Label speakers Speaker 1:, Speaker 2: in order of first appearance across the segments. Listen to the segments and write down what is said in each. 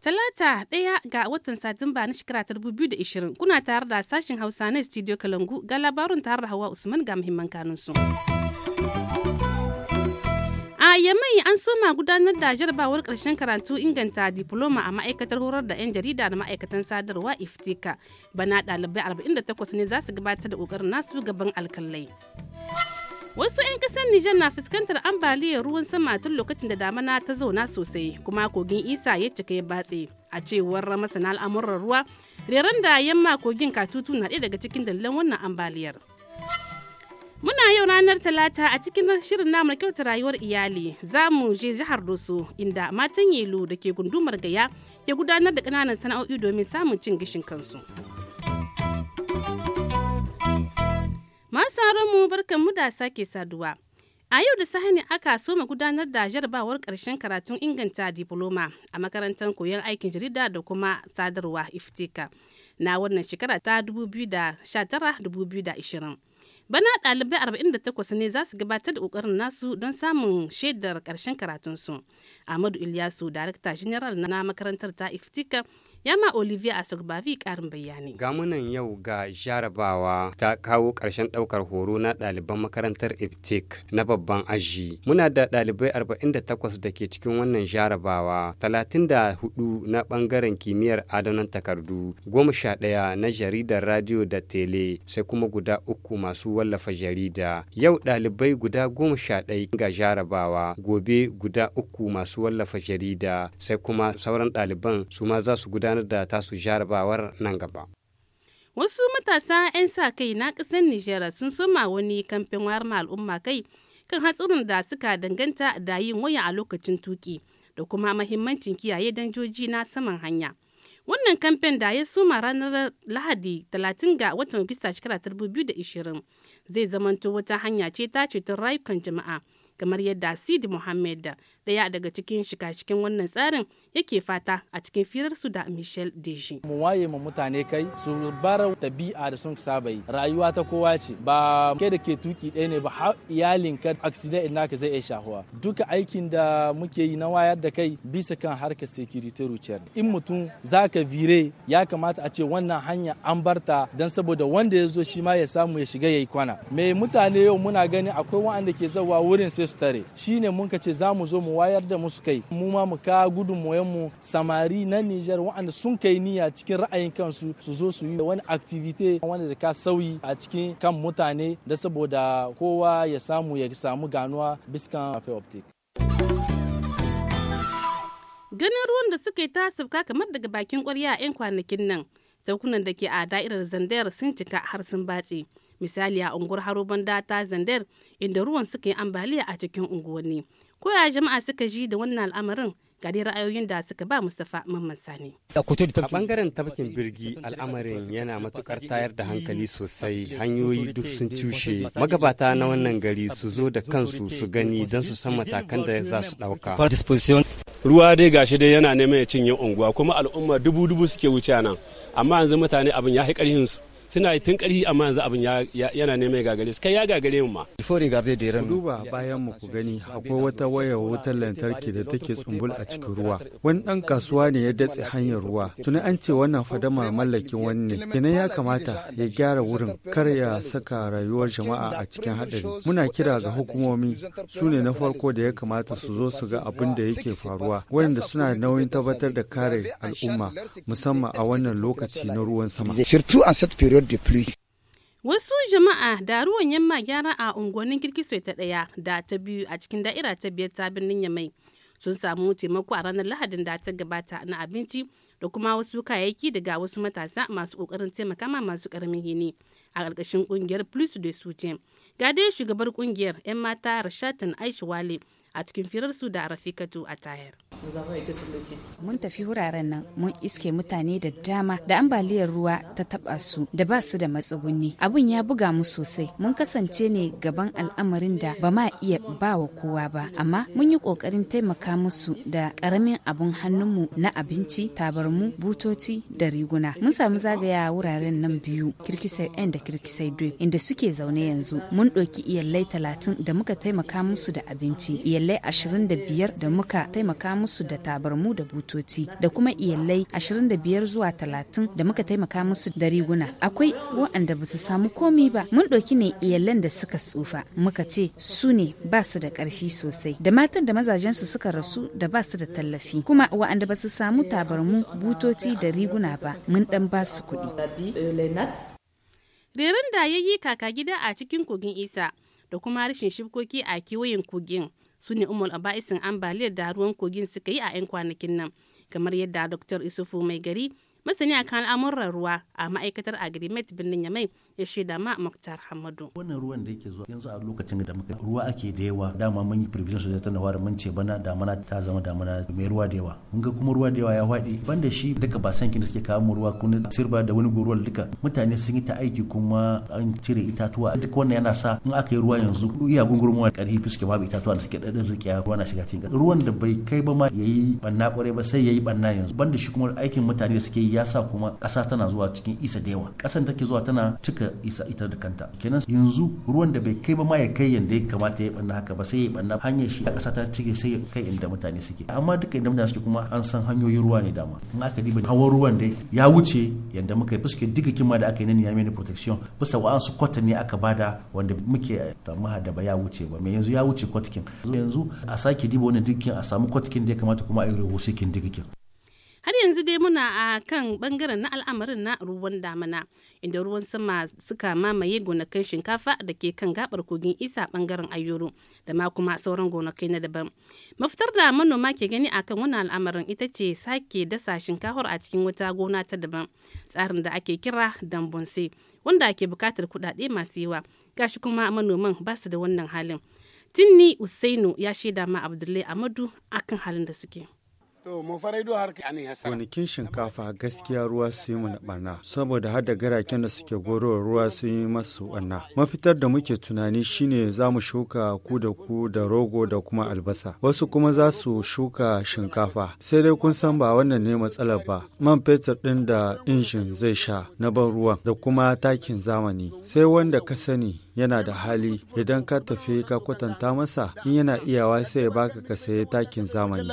Speaker 1: Talata ɗaya ga watan Satumba na shekara ta 2020 kuna tare da sashen Hausa na studio Kalangu ga labarin tare da Hawa Usman ga muhimman kanunsu. Yamai an soma gudanar da jarabawar karshen karatu inganta diploma a ma'aikatar horar da 'yan jarida da ma'aikatan sadarwa iftika. Bana ɗalibai 48 ne za su gabatar da na nasu gaban alkalai. Wasu 'yan kasar Nijar na fuskantar ambaliyar ruwan sama tun lokacin da damana ta zauna sosai kuma kogin isa ya cika ya batse. A cewar masana al'amuran ruwa, reran da yamma kogin katutu na ɗaya daga cikin dalilan wannan ambaliyar. Muna yau ranar Talata a cikin shirin namu kyautar rayuwar iyali za mu je jihar Doso inda matan Yelo da ke gundumar Gaya ke gudanar da ƙananan sana'o'i domin samun cin gishin kansu. Masu mu barkan mu da sake saduwa. A yau da sahani aka soma gudanar da jarabawar ƙarshen karatun inganta diploma a makarantar koyon aikin jarida da kuma sadarwa iftika na wannan shekara ta 2019-2020. Bana ɗalibai 48 ne za su gabatar da ƙoƙarin nasu don samun shaidar ƙarshen karatunsu. Ahmadu Ilyasu, Darakta General na makarantar ta Iftika, Yama Olivia Asogbavi karin bayani.
Speaker 2: Gamunan yau ga jarabawa ta kawo ƙarshen ɗaukar horo na ɗaliban makarantar Iptik na babban aji. Muna da ɗalibai 48 da ke cikin wannan jarabawa, 34 na ɓangaren kimiyyar adonan takardu, 11 na jaridar radio da tele, sai kuma guda uku masu wallafa jarida. Yau ɗalibai guda 11 ga jarabawa, gobe guda uku masu wallafa jarida, sai kuma sauran ɗaliban su ma za su guda gudanar da tasu jarabawar nan gaba.
Speaker 1: Wasu matasa 'yan sa kai na ƙasar Nijar sun soma wani kamfen wayar al'umma kai kan hatsurin da suka danganta da yin waya a lokacin tuki da kuma mahimmancin kiyaye danjoji na saman hanya. Wannan kamfen da ya soma ranar Lahadi 30 ga watan Ogista shekara 2020 zai zamanto wata hanya ce ta ceton rayukan jama'a kamar yadda Sidi Muhammad daya daga cikin shiga cikin wannan tsarin yake fata a cikin firarsu da michel deji
Speaker 3: mu waye mu mutane kai su bar tabi'a da sun saba yi rayuwa ta kowa ce ba ke da ke tuki ɗaya ne ba har iyalin ka accident ɗin naka zai iya shahuwa duka aikin da muke yi na wayar da kai bisa kan harkar security rucer in mutum zaka vire ya kamata a ce wannan hanya an barta dan saboda wanda ya zo shi ma ya samu ya shiga yayi kwana me mutane yau muna gani akwai wa'anda ke zawa wurin sai su tare shine mun ka ce zamu zo mu mu wayar da musu kai mu ma mu ka gudunmuwan mu samari na Niger waɗanda sun kai niyya cikin ra'ayin kansu su zo su yi wani activity wanda da ka sauyi a cikin kan mutane da saboda kowa ya samu ya samu ganuwa biskan optic
Speaker 1: ganin ruwan da suka yi ta sabka kamar daga bakin kwarya a 'yan kwanakin nan taukunan da ke a da'irar zandayar sun cika har sun batse misali a unguwar haroban data zandar inda ruwan suka yi ambaliya a cikin unguwanni ko jama'a suka ji da wannan al'amarin gari ra'ayoyin da suka ba Mustapha Mamman Sani.
Speaker 2: A bangaren tafkin birgi al'amarin yana matukar tayar da hankali sosai hanyoyi duk sun cushe magabata na wannan gari su zo da kansu su gani don su san matakan da za su dauka.
Speaker 3: Ruwa dai gashi dai yana neman ya cinye unguwa kuma al'umma dubu dubu suke wuce nan amma yanzu mutane abin ya haƙarhin su. suna yi tun karfi amma yanzu abin yana neman ya gagare su kai ya gagare mu ma.
Speaker 2: duba bayan mu ku gani akwai wata waya wutar lantarki da take tsumbul a cikin ruwa wani ɗan kasuwa ne ya datse hanyar ruwa tuni an ce wannan fadama mallakin wani ne kenan ya kamata ya gyara wurin kar ya saka rayuwar jama'a a cikin haɗari muna kira ga hukumomi su ne na farko da ya kamata su zo su ga abin da yake faruwa wanda suna nauyin tabbatar da kare al'umma musamman a wannan lokaci na ruwan sama. Surtout en cette période de pluie.
Speaker 1: Wasu jama'a da ruwan yamma gyara a unguwannin kirkisoi ta ɗaya da ta biyu a cikin da'ira ta biyar ta birnin Yamai sun samu taimako a ranar Lahadin da ta gabata na abinci da kuma wasu kayayyaki daga wasu matasa masu kokarin taimaka ma masu karamin hini a ƙarƙashin ƙungiyar Plus de Soutien. Ga dai shugabar ƙungiyar 'yan mata Rashatan Aisha Wale a cikin firarsu da Rafikatu a Tahir.
Speaker 4: Mun tafi wuraren nan mun iske mutane da dama da ambaliyar ruwa ta taba su da ba su da matsuguni. Abun ya buga mu sosai. Mun kasance ne gaban al'amarin da ba ma iya ba wa kowa ba, amma mun yi kokarin taimaka musu da karamin abun hannunmu na abinci, tabarmu, butoci da riguna. Mun samu zagaya a wuraren nan biyu, kirkisai yan da kirkisai dwe, inda suke zaune yanzu. Mun ɗauki iyalai talatin da muka taimaka musu da abinci. Iyalai iyalai 25 da muka taimaka musu da tabarmu da butoci da kuma iyalai 25 zuwa talatin da muka taimaka musu da riguna. Akwai waɗanda ba su samu komi ba. Mun ɗauki ne iyalan da suka tsufa. Muka ce su ne ba su da ƙarfi sosai. Da matan da mazajen su suka rasu da ba su da tallafi. Kuma waɗanda ba su samu tabarmu, butoci da riguna ba. Mun ɗan ba su kuɗi.
Speaker 1: Rerin da ya yi kaka gida a cikin kogin Isa da kuma rashin shibkoki a kewayen kogin su ne umar aba'isin ambaliyar da ruwan kogin suka yi a 'yan kwanakin nan kamar yadda dr isufu mai gari masani a kan al'amuran ruwa a ma'aikatar agrimet birnin yamai ya shaida ma muktar hamadu wannan ruwan da yake
Speaker 3: zuwa yanzu a lokacin da muka ruwa ake da yawa dama mun yi provision sosai ta nawar mun ce bana damana ta zama damana mai ruwa da yawa mun ga kuma ruwa da yawa ya faɗi banda shi duka ba san kin da suke kawo ruwa kun sirba da wani goruwa duka mutane sun yi ta aiki kuma an cire itatuwa duk wannan yana sa in aka yi ruwa yanzu iya gungurmuwa karfi suke babu itatuwa da suke dadin rike ruwa na shiga cikin ruwan da bai kai ba ma yayi banna kwarai ba sai yayi banna yanzu banda shi kuma aikin mutane da suke yi ya sa kuma ƙasa tana zuwa cikin isa da yawa ƙasan take zuwa tana cika isa ita da kanta kenan yanzu ruwan da bai kai ba ma ya kai yanda ya kamata ya banna haka ba sai ya banna hanyar shi a ƙasa ta cike sai ya kai inda mutane suke amma duka inda mutane suke kuma an san hanyoyin ruwa ne dama in aka diba hawan ruwan dai ya wuce yanda muka yi fuske duka kima da aka yi na niyami na protection bisa wa an su kwata ne aka bada wanda muke tamaha da ba ya wuce ba mai yanzu ya wuce kwatkin yanzu a sake diba wani dukkin a samu kwatkin da ya kamata kuma a yi rahusikin dukkin.
Speaker 1: yanzu dai muna a kan bangaren na al'amarin na ruwan damana inda ruwan sama suka mamaye gonakin shinkafa da ke kan gabar kogin isa bangaren ayoro da ma kuma sauran gonakai na daban mafitar da manoma ke gani a kan wannan al'amarin ita ce sake dasa shinkafar a cikin wata gona ta daban tsarin da ake kira dambonse wanda ake bukatar kudade masu yawa gashi kuma manoman ba su da wannan halin tinni usainu ya shaida ma abdullahi amadu akan halin da suke
Speaker 2: Gonakin shinkafa gaskiya ruwa sun yi mana barna, saboda har da garaken da suke goro ruwa sun yi masu barna. Mafitar da muke tunani shine za mu shuka ku da ku da rogo da kuma albasa. Wasu kuma za su shuka shinkafa. Sai dai kun san ba wannan ne matsalar ba. Man fetur ɗin da injin zai sha na ban ruwan da kuma takin zamani. Sai wanda ka sani yana da hali idan ka tafi ka kwatanta masa in yana iyawa sai ya baka ka sayi takin zamani.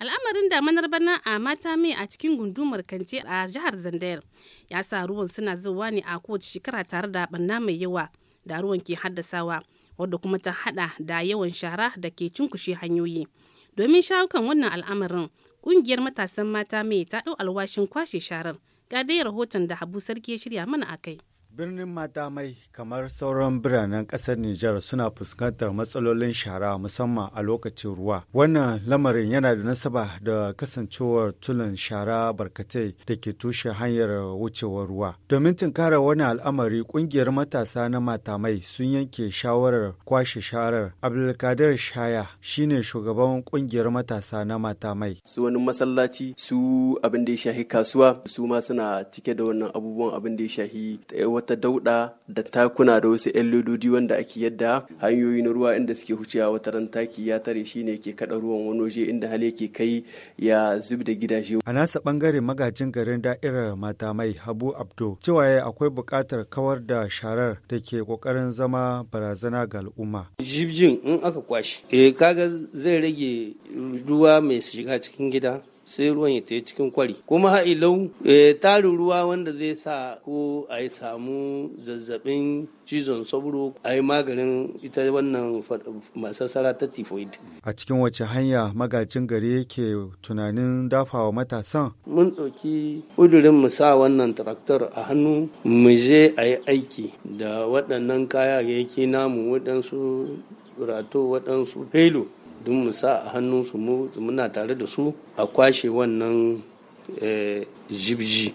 Speaker 1: Al'amarin damanar bana a mata mai a cikin gundumar Kance a jihar Zandayar ya sa ruwan suna zuwa ne a kowace shekara tare da banna mai yawa da ruwan ke haddasawa wadda kuma ta hada da yawan shara da ke cunkushe hanyoyi. Domin shawukan wannan al'amarin, ƙungiyar matasan mata mai ta ɗau alwashin kwashe sharar ga dai rahoton da Habu Sarki ya shirya mana a kai.
Speaker 2: Birnin Matamai kamar sauran biranen ƙasar Nijar suna fuskantar matsalolin shara musamman a lokacin ruwa. Wannan lamarin yana da nasaba da kasancewar tulin shara barkatai da ke tushe hanyar wucewar ruwa. Domin tunkara wani al'amari ƙungiyar matasa na Matamai sun yanke shawarar kwashe sharar. Abdulkadir Shaya shine shugaban ƙungiyar matasa na Matamai.
Speaker 3: Su wani masallaci su abin da ya shahi kasuwa su ma suna cike da wannan abubuwan abin da ya shahi eh, wata dauda da takuna da wasu 'yan lododi wanda ake yadda hanyoyi na ruwa inda suke hucewa wata ran taki ya tare shi ne ke kada ruwan wani waje inda hali yake kai ya zub da gidaje.
Speaker 2: A nasa bangare magajin garin da'irar mata mai Habu Abdo cewa akwai bukatar kawar da sharar da ke kokarin zama barazana ga al'umma.
Speaker 3: Jibjin in aka kwashi, eh kaga zai rage ruwa mai shiga cikin gida sai ruwan ya ta cikin kwari kuma ha'ilau eh, tarin ruwa wanda zai sa ko a yi samu zazzabin cizon sauro a yi maganin ita wannan masasara ta typhoid
Speaker 2: a cikin wace hanya magajin gari yake tunanin dafawa matasan
Speaker 3: mun ɗauki ƙudurin mu sa wannan traktor a hannu mu je a yi aiki da waɗannan kaya kayayyaki namu waɗansu rato waɗansu halo don mu sa a hannun su muna tare da su a kwashe wannan eh, jibji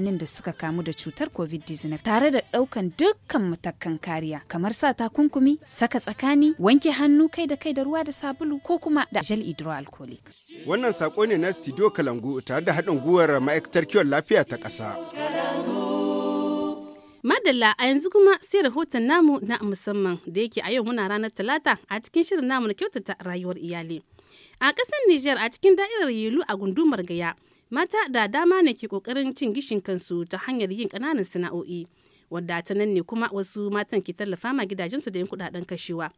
Speaker 4: mutanen da suka kamu da cutar covid-19 tare da ɗaukan dukkan matakan kariya kamar sa takunkumi saka tsakani wanke hannu kai da kai da ruwa da sabulu ko kuma da gel hydroalcoholic
Speaker 3: wannan sako ne na studio kalangu tare da haɗin gwiwar ma'aikatar kiwon lafiya ta ƙasa
Speaker 1: Madalla a yanzu kuma sai rahoton namu na musamman da yake a yau muna ranar Talata a cikin shirin namu na kyautata rayuwar iyali. A ƙasar niger a cikin da'irar Yelu a gundumar Gaya, mata da dama ne ke kokarin cin gishin kansu ta hanyar yin kananan sana'o'i wadda ta nan ne kuma wasu matan ke tallafa ma gidajensu da yin kudaden kashewa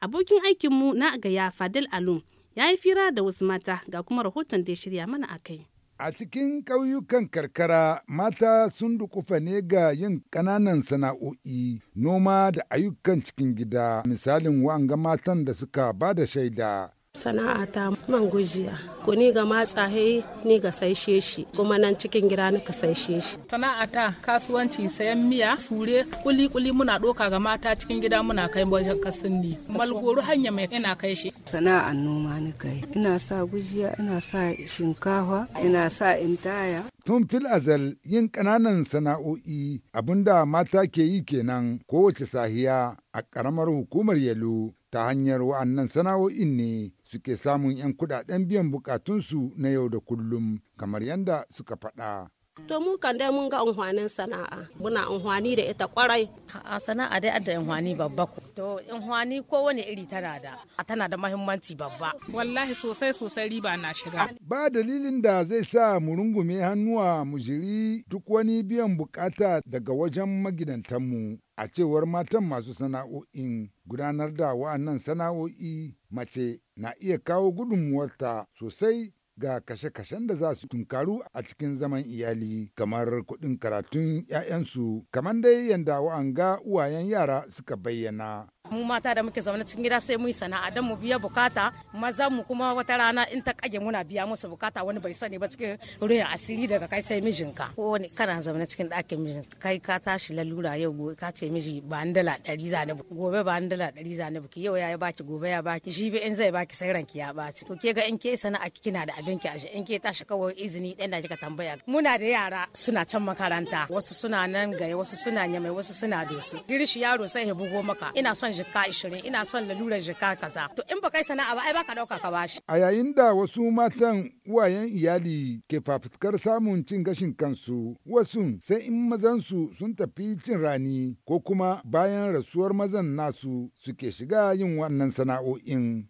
Speaker 1: abokin aikin mu na gaya fadil alum ya yi fira da wasu mata ga kuma rahoton da ya shirya mana a kai
Speaker 5: A cikin ƙauyukan karkara mata sun dukufa ne ga yin ƙananan sana'o'i, noma da ayyukan cikin gida, misalin wa'anga matan da suka ba da shaida sana'ata
Speaker 1: man gujiya ko ni ga matsa hai ni ga saishe shi kuma nan cikin gida ni ka saishe shi sana'ata kasuwanci sayan miya sure kuli kuli muna doka ga mata cikin gida muna kai wajen kasin malgoru hanya mai ina kai shi sana'an noma ni kai ina sa gujiya ina sa shinkafa ina sa intaya
Speaker 5: tun fil azal yin kananan sana'o'i abinda mata ke yi kenan kowace sahiya a karamar hukumar yalo ta hanyar wa'annan sana'o'in ne suke samun 'yan kudaden biyan bukatunsu na yau da kullum kamar yadda suka faɗa.
Speaker 1: To mun kan dai mun ga unhwanin sana'a muna unhwani da ita kwarai. A sana'a dai adda
Speaker 5: unhwani babba ko.
Speaker 1: To unhwani ko wani iri tana da a tana da mahimmanci babba. Wallahi sosai sosai riba na shiga.
Speaker 5: Ba dalilin da zai sa mu rungume hannuwa mu jiri duk wani biyan bukata daga wajen magidantanmu a cewar matan masu sana'o'in gudanar da wa'annan sana'o'i mace na iya kawo gudunmuwarta sosai ga kashe-kashen da za su tunkaru a cikin zaman iyali kamar kuɗin karatun 'ya'yansu kamar dai yadda wa'anga uwayen yara suka bayyana
Speaker 1: mu mata da muke zaune cikin gida sai mu yi sana'a don mu biya bukata maza mu kuma wata rana in ta kage muna biya musu bukata wani bai sani ba cikin
Speaker 5: ruwan asiri
Speaker 1: daga kai sai mijinka ko wani kana zaune cikin ɗakin mijin kai ka tashi lalura yau gobe ka ce miji ba an dala ɗari zane buki gobe ba an dala ɗari zane buki yau ya baki gobe ya baki shi in zai baki sai ranki ya baci to ke ga in ke sana'a kina da abin ki a in ke tashi kawai izini ɗan da kika tambaya muna da yara suna can makaranta wasu suna nan gaya wasu suna nyamai wasu suna dosu girshi yaro sai ya bugo maka ina son son jika ishirin ina son lalurar jika kaza to in ba kai sana'a ba ai baka dauka ka ba bashi
Speaker 5: a yayin da wasu matan uwayen iyali ke fafutukar samun cin gashin kansu wasu sai in mazan su sun tafi cin rani ko kuma bayan rasuwar mazan nasu suke shiga yin wannan sana'o'in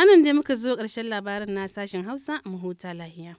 Speaker 1: anan dai muka zo karshen labarin na sashen hausa mu huta lahiya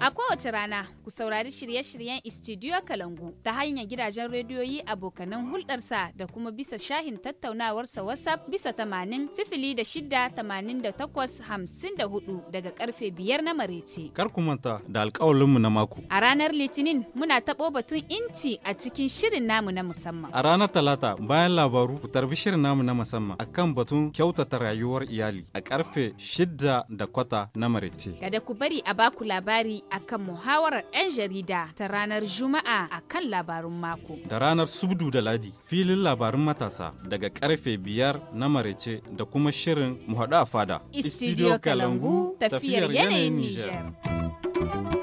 Speaker 4: a kowace rana ku saurari shirye-shiryen istidiyo kalangu ta hanyar gidajen rediyoyi abokanan hulɗarsa da kuma bisa shahin tattaunawarsa whatsapp bisa tamanin sifili da shida tamanin da takwas hamsin da hudu daga karfe biyar na marece
Speaker 2: kar ku manta da alƙawalinmu na mako
Speaker 4: a ranar litinin muna taɓo batun inci a cikin shirin namu na musamman
Speaker 2: a ranar talata bayan labaru ku tarbi shirin namu na musamman akan batun kyau kyautata rayuwar iyali a karfe shidda da kwata na marece.
Speaker 4: Kada ku bari a baku labari akan muhawarar 'yan jarida ta ranar Juma'a akan labarun mako.
Speaker 2: Da ranar Subdu da Ladi filin labarun matasa daga karfe biyar na marece da kuma shirin muhaɗu a fada. Istidiyo Kalangu
Speaker 3: tafiyar yanayin Nijar.